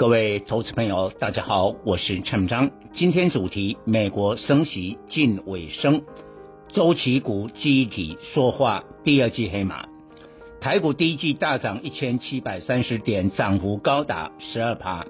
各位投資朋友，大家好，我是陳章。今天主題：美國升息近尾聲，周期股記憶體塑化。第二季黑馬，台股第一季大漲一千七百三十點，漲幅高達十二%，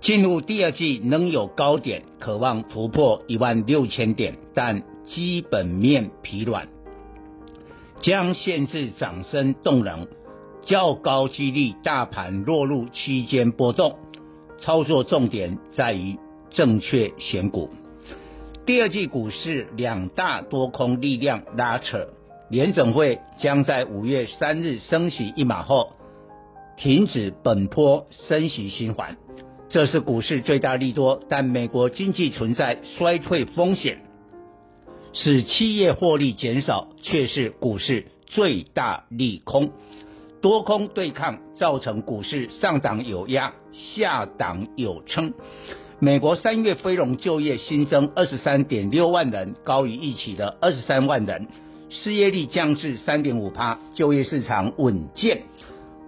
進入第二季能有高點，渴望突破一萬六千點，但基本面疲軟，將限制漲勢動能。較高機率，大盤落入區間波動，操作重點在於正確選股。第二季股市兩大多空力量拉扯，聯準會將在五月三日升息一碼後停止本波升息循環。這是股市最大利多，但美國經濟存在衰退風險，使企業獲利減少，卻是股市最大利空。多空對抗造成股市上檔有壓，下檔有撐。美國三月非農就業新增二十三點六萬人，高於預期的二十三萬人，失業率降至三點五趴，就業市場穩健。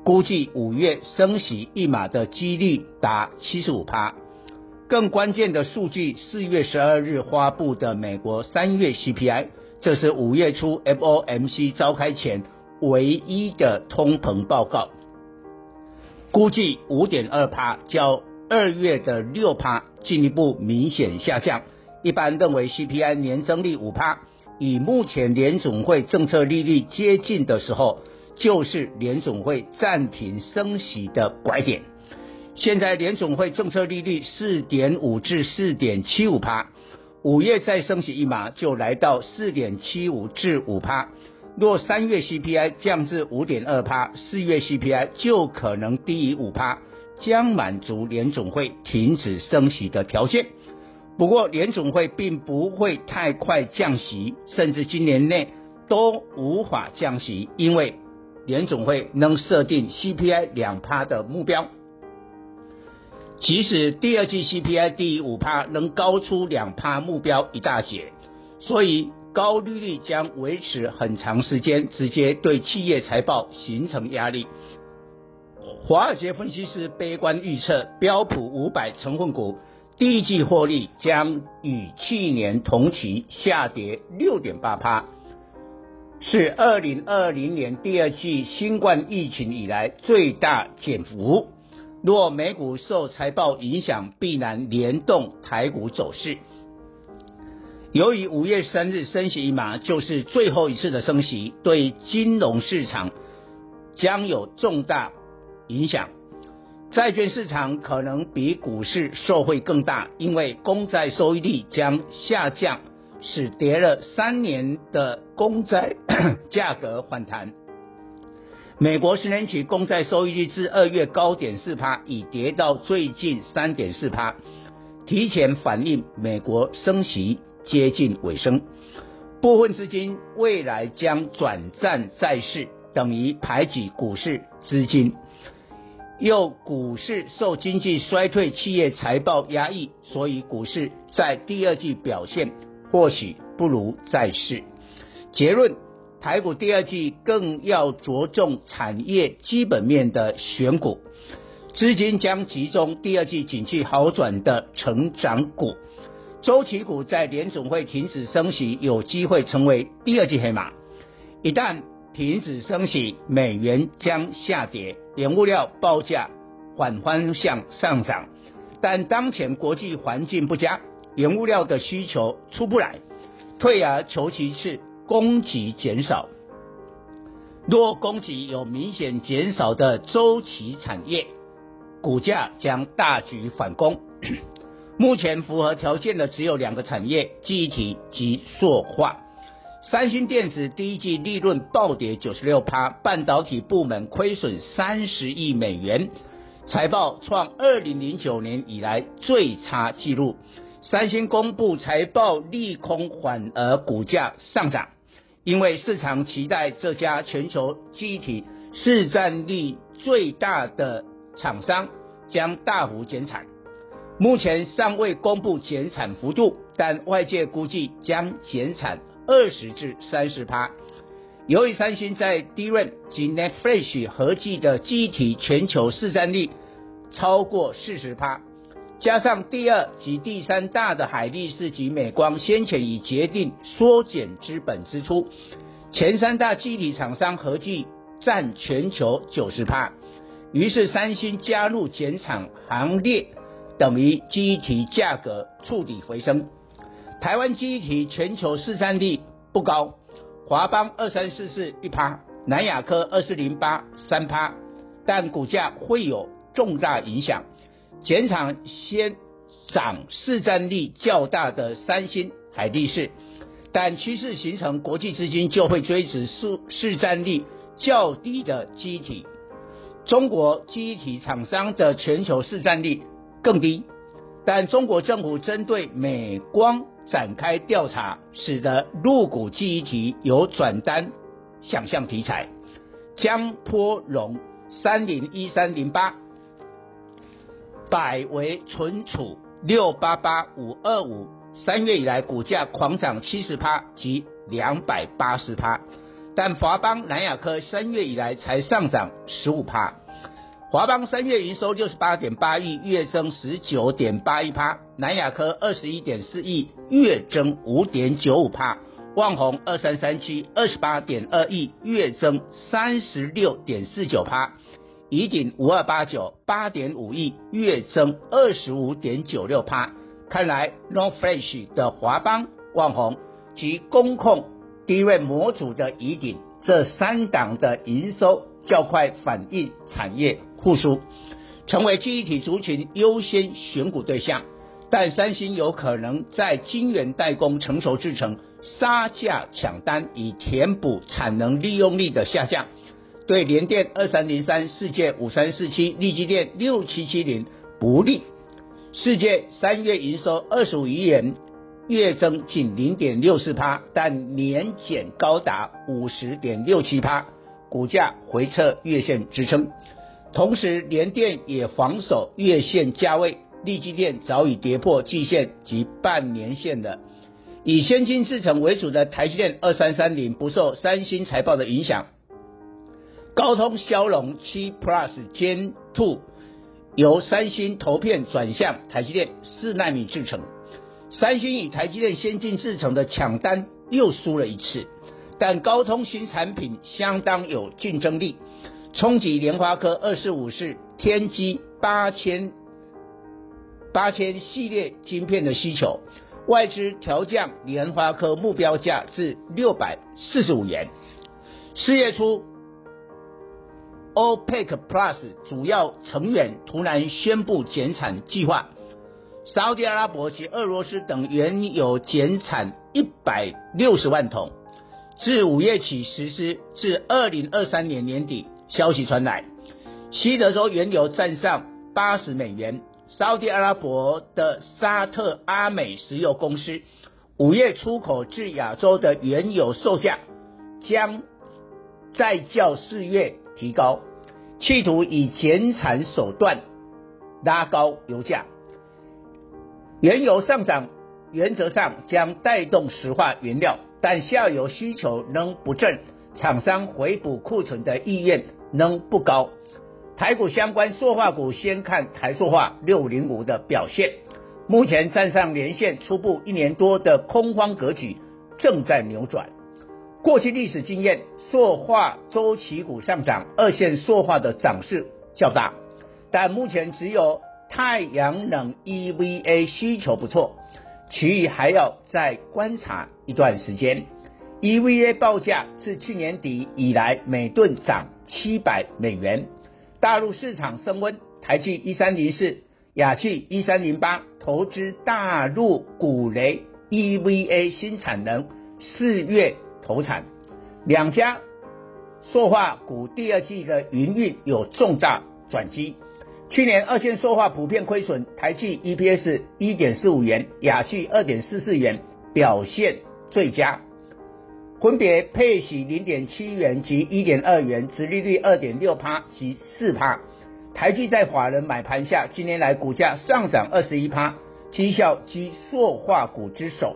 估計五月升息一碼的幾率達七十五趴。更關鍵的數據，四月十二日發布的美國三月 CPI，這是五月初 FOMC 召開前。唯一的通膨報告，估計五點二趴，較二月的六趴進一步明顯下降。一般認為 CPI 年增率五趴，以目前聯總會政策利率接近的時候，就是聯總會暫停升息的拐點。現在聯總會政策利率四點五至四點七五趴，五月再升息一碼就來到四點七五至五趴。若三月 CPI 降至五點二趴，四月 CPI 就可能低於五趴，將滿足聯準會停止升息的條件。不過，聯準會並不會太快降息，甚至今年內都無法降息，因為聯準會能設定 CPI 兩趴的目標，即使第二季 CPI 低於五趴，能高出兩趴目標一大截，所以。高利率將維持很長時間，直接對企業財報形成壓力。華爾街分析師悲觀預測，標普五百成分股第一季獲利將與去年同期下跌六點八趴，是二零二零年第二季新冠疫情以來最大減幅。若美股受財報影響，必然聯動台股走勢。由於五月三日升息一碼，就是最後一次的升息，對金融市場將有重大影響。債券市場可能比股市受惠更大，因為公債收益率將下降，使跌了三年的公債呵呵價格反彈。美國十年期公債收益率至二月高點四趴，已跌到最近三點四趴，提前反映美國升息接近尾聲，部分資金未來將轉戰債市，等於排擠股市資金。又股市受經濟衰退、企業財報壓抑，所以股市在第二季表現或許不如債市。結論：台股第二季更要着重產業基本面的選股，資金將集中第二季景氣好轉的成長股。週期股在聯準會停止升息，有機會成為第二季黑馬。一旦停止升息，美元將下跌，原物料報價反方向上漲。但當前國際環境不佳，原物料的需求出不來，退而求其次，供給減少。若供給有明顯減少的週期產業，股價將大舉反攻。 目前符合條件的只有兩個產業：記憶體及塑化。三星電子第一季利潤暴跌九十六趴，半導體部門虧損三十億美元，財報創二零零九年以來最差紀錄。三星公布財報利空，反而股價上漲，因為市場期待這家全球記憶體市占率最大的廠商將大幅減產。目前尚未公布減產幅度，但外界估計將減產二十至三十趴。由於三星在 DRAM 及 NAND Flash 合計的記憶體全球市占率超過四十趴，加上第二及第三大的海力士及美光先前已決定縮減資本支出，前三大記憶體廠商合計占全球九十趴，於是三星加入減產行列。等於記憶體價格觸底回升，台灣記憶體全球市占率不高，華邦二三四四一趴，南亞科二四零八三趴，但股價會有重大影響。減產先漲市占率較大的三星、海力士，但趨勢形成，國際資金就會追逐市市占率較低的記憶體。中國記憶體廠商的全球市占率。更低，但中國政府針對美光展開調查，使得入股記憶體有轉單想象題材。江波龍三零一三零八，佰維存儲六八八五二五，三月以來股價狂漲七十趴及兩百八十趴，但華邦南亞科三月以來才上漲十五趴。華邦三月營收六十八點八億，月增十九點八一趴；南亞科二十一點四億，月增五點九五趴；旺宏二三三七二十八點二億，月增三十六點四九趴；宜鼎五二八九八點五億，月增二十五點九六趴。看來 NOR Flash 的華邦、旺宏及工控低位模組的宜鼎，這三檔的營收較快反映產業。互輸成為記憶體族群優先選股對象，但三星有可能在晶圓代工成熟製程殺價搶單，以填補產能利用率的下降，對聯電二三零三、世界五三四七、力積電六七七零不利。世界三月營收二十五億元，月增僅零點六四趴，但年減高達五十點六七趴，股價回測月線支撐。同時，聯電也防守月線價位，力積電早已跌破季線及半年線的。以先進製程為主的台積電二三三零不受三星財報的影響。高通驍龍七 Plus Gen Two 由三星投片轉向台積電四納米制程。三星與台積電先進製程的搶單又輸了一次，但高通新產品相當有競爭力。衝擊聯發科二十五式天璣八千八千系列晶片的需求，外資調降聯發科目標價至六百四十五元。四月初，OPEC Plus 主要成員突然宣布減產計劃，沙烏地阿拉伯及俄羅斯等原油減產一百六十萬桶，自五月起實施，至二零二三年年底。消息傳來，西德州原油站上八十美元。沙烏地阿拉伯的沙特阿美石油公司，五月出口至亞洲的原油售價將再較四月提高，企圖以減產手段拉高油價。原油上漲原則上將帶動石化原料，但下游需求仍不振，廠商回補庫存的意願能不高，台股相關塑化股先看台塑化六五零五的表現，目前站上年線，初步一年多的空方格局正在扭轉。過去歷史經驗，塑化周期股上漲，二線塑化的漲勢較大，但目前只有太陽能 EVA 需求不錯，其餘還要再觀察一段時間。EVA 報價是去年底以來每噸漲七百美元。大陸市場升溫，台聚一三零四，亞聚一三零八，投資大陸古雷 EVA 新產能，四月投產。兩家塑化股第二季的營運有重大轉機。去年二線塑化普遍虧損，台聚 EPS 一點四五元，亞聚二點四四元，表現最佳。分別配息零點七元及一點二元，殖利率二點六趴及四趴。台聚在法人買盤下，今年來股價上漲二十一趴，績效居塑化股之首。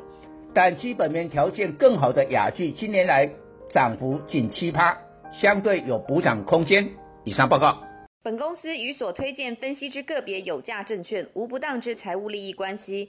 但基本面條件更好的亞聚，今年來漲幅僅七趴，相對有補漲空間。以上報告。本公司與所推薦分析之個別有價證券無不當之財務利益關係。